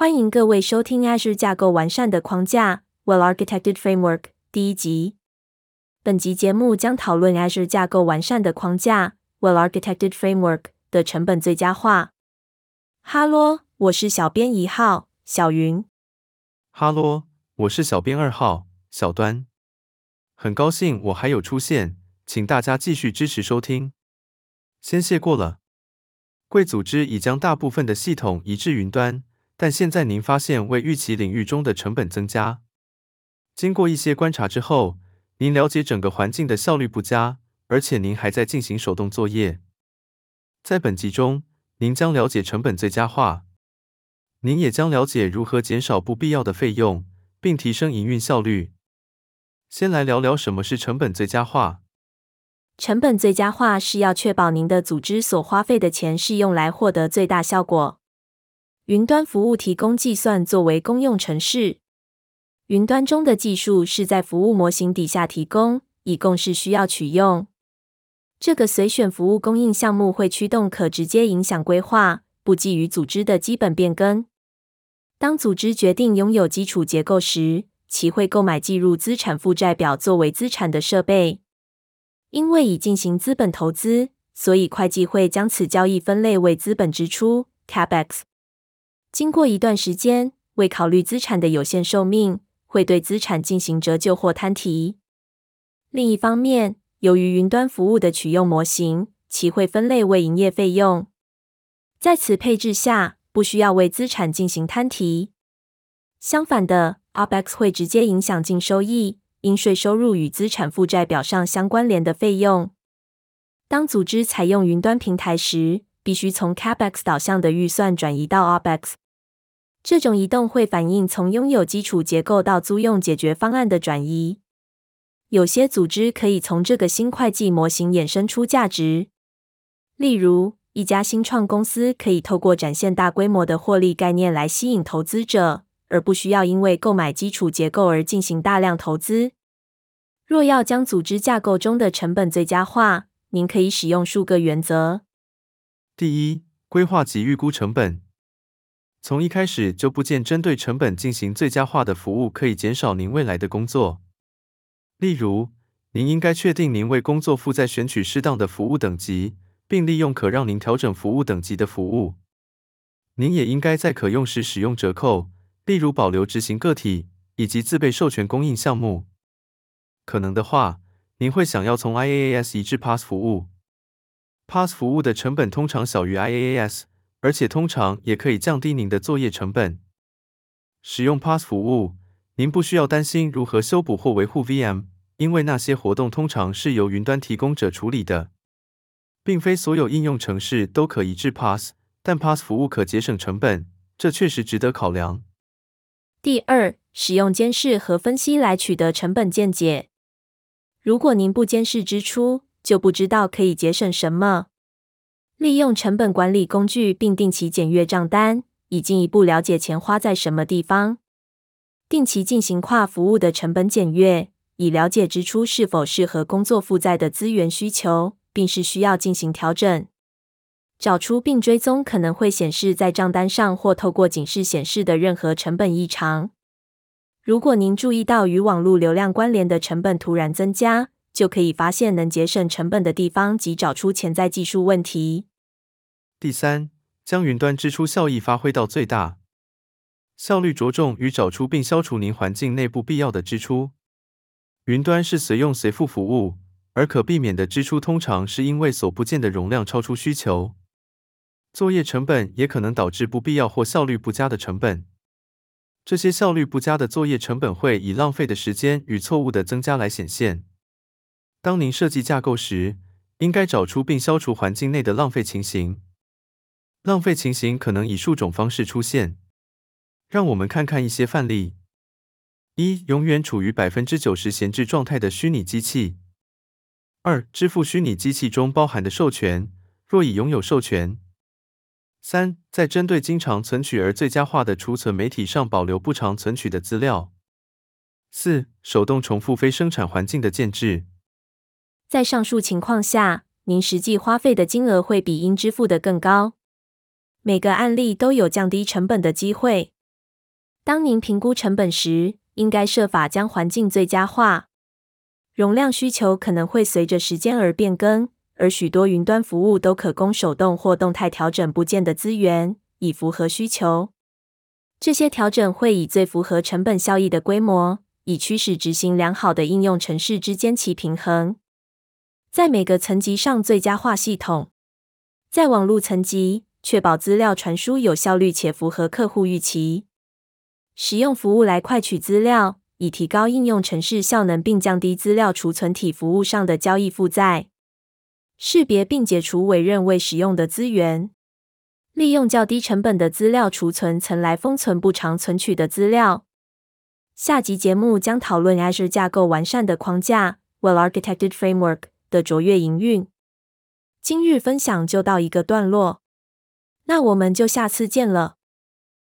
歡迎各位收聽 Azure 架構完善的框架 Well-Architected Framework 第一集。本集節目將討論 Azure 架構完善的框架 Well-Architected Framework 的成本最佳化。哈嘍，我是小編一號小雲。哈嘍，我是小編二號小端。很高興我還有出現，請大家繼續支持收聽。先謝過了。貴組織已將大部分的系統移至雲端。但現在您發現，未預期領域中的成本增加。經過一些觀察之後，您了解整個環境的效率不佳，而且您還在進行手動作業。在本集中，您將了解成本最佳化。您也將了解如何減少不必要的費用，並提升營運效率。先來聊聊什麼是成本最佳化。成本最佳化是要確保您的組織所花費的錢是用來獲得最大效果。雲端服務提供計算作為公用程式。雲端中的技術是在服務模型底下提供，以供視需要取用。這個隨選服務供應項目會驅動可直接影響規劃，不基於組織的基本變更。當組織決定擁有基礎結構時，其會購買計入資產負債表作為資產的設備。因為已進行資本投資，所以會計會將此交易分類為資本支出 （CapEx）。經過一段時間，為考慮資產的有限壽命，會對資產進行折舊或攤提。另一方面，由於雲端服務的取用模型，其會分類為營業費用。在此配置下，不需要為資產進行攤提。相反的，OpEx 會直接影響淨收益，應稅收入與資產負債表上相關聯的費用。當組織採用雲端平台時，必須從 CapEx 導向的預算轉移到 OpEx。這種移動會反映從擁有基礎結構到租用解決方案的轉移。有些組織可以從這個新會計模型衍生出價值。例如，一家新創公司可以透過展現大規模的獲利概念來吸引投資者，而不需要因為購買基礎結構而進行大量投資。若要將組織架構中的成本最佳化，您可以使用數個原則。第一，規劃及預估成本。從一開始就佈建針對成本進行最佳化的服務，可以減少您未來的工作。例如，您應該確定您為工作負載選取適當的服務等級，並利用可讓您調整服務等級的服務。您也應該在可用時使用折扣，例如保留執行個體以及自備授權供應項目。可能的話，您會想要從 IaaS 移至 PaaS 服務。PaaS 服務的成本通常小於 IaaS，而且通常也可以降低您的作業成本。使用 PaaS 服務，您不需要擔心如何修補或維護 VM，因為那些活動通常是由雲端提供者處理的。並非所有應用程式都可移植 PaaS，但 PaaS 服務可節省成本，這確實值得考量。第二，使用監視和分析來取得成本見解。如果您不監視支出，就不知道可以節省什麼。利用成本管理工具，並定期檢閱賬單，以進一步了解錢花在什麼地方。定期進行跨服務的成本檢閱，以了解支出是否適合工作負載的資源需求，並是需要進行調整。找出並追蹤可能會顯示在賬單上或透過警示顯示的任何成本異常。如果您注意到與網絡流量關聯的成本突然增加，就可以發現能節省成本的地方及找出潛在技術問題。第三，將雲端支出效益發揮到最大效率，着重於找出並消除您環境內不必要的支出。雲端是隨用隨付服務，而可避免的支出通常是因為所不見的容量超出需求。作業成本也可能導致不必要或效率不佳的成本。這些效率不佳的作業成本會以浪費的時間與錯誤的增加來顯現。當您設計架構時，應該找出並消除環境內的浪費情形。浪費情形可能以數種方式出現。讓我們看看一些範例：一、永遠處於百分之九十閒置狀態的虛擬機器；二、支付虛擬機器中包含的授權，若已擁有授權；三、在針對經常存取而最佳化的儲存媒體上保留不常存取的資料；四、手動重複非生產環境的建置。在上述情況下，您實際花費的金額會比應支付的更高。每個案例都有降低成本的機會。當您評估成本時，應該設法將環境最佳化。容量需求可能會隨着時間而變更，而許多雲端服務都可供手動或動態調整佈建的資源，以符合需求。這些調整會以最符合成本效益的規模，以驅使執行良好的應用程式之間其平衡。在每個層級上最佳化系統，在網路層級確保資料傳輸有效率且符合客戶預期。使用服務來快取資料，以提高應用程式效能並降低資料儲存體服務上的交易負載。識別並解除委任未使用的資源，利用較低成本的資料儲存層來封存不常存取的資料。下集節目將討論 Azure 架構完善的框架 （Well-Architected Framework）。的卓越營運，今日分享就到一個段落，那我們就下次見了。